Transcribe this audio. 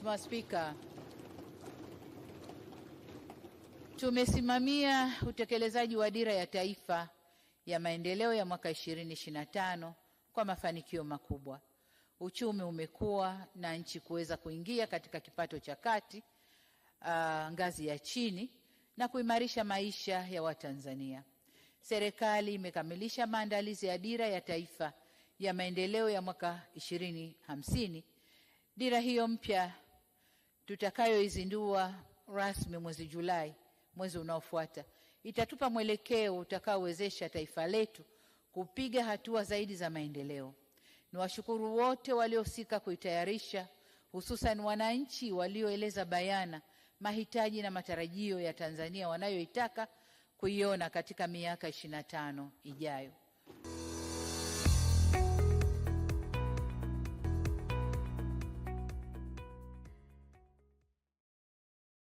Mheshimiwa Spika, tumesimamia utekelezaji wa dira ya taifa ya maendeleo ya mwaka 2025 kwa mafanikio makubwa. Uchumi umekuwa na nchi kuweza kuingia katika kipato cha kati uh, ngazi ya chini na kuimarisha maisha ya Watanzania. Serikali imekamilisha maandalizi ya dira ya taifa ya maendeleo ya mwaka 2050. Dira hiyo mpya tutakayoizindua rasmi mwezi Julai, mwezi unaofuata, itatupa mwelekeo utakaowezesha taifa letu kupiga hatua zaidi za maendeleo. Niwashukuru wote waliosika kuitayarisha, hususan wananchi walioeleza bayana mahitaji na matarajio ya Tanzania wanayoitaka kuiona katika miaka 25 ijayo.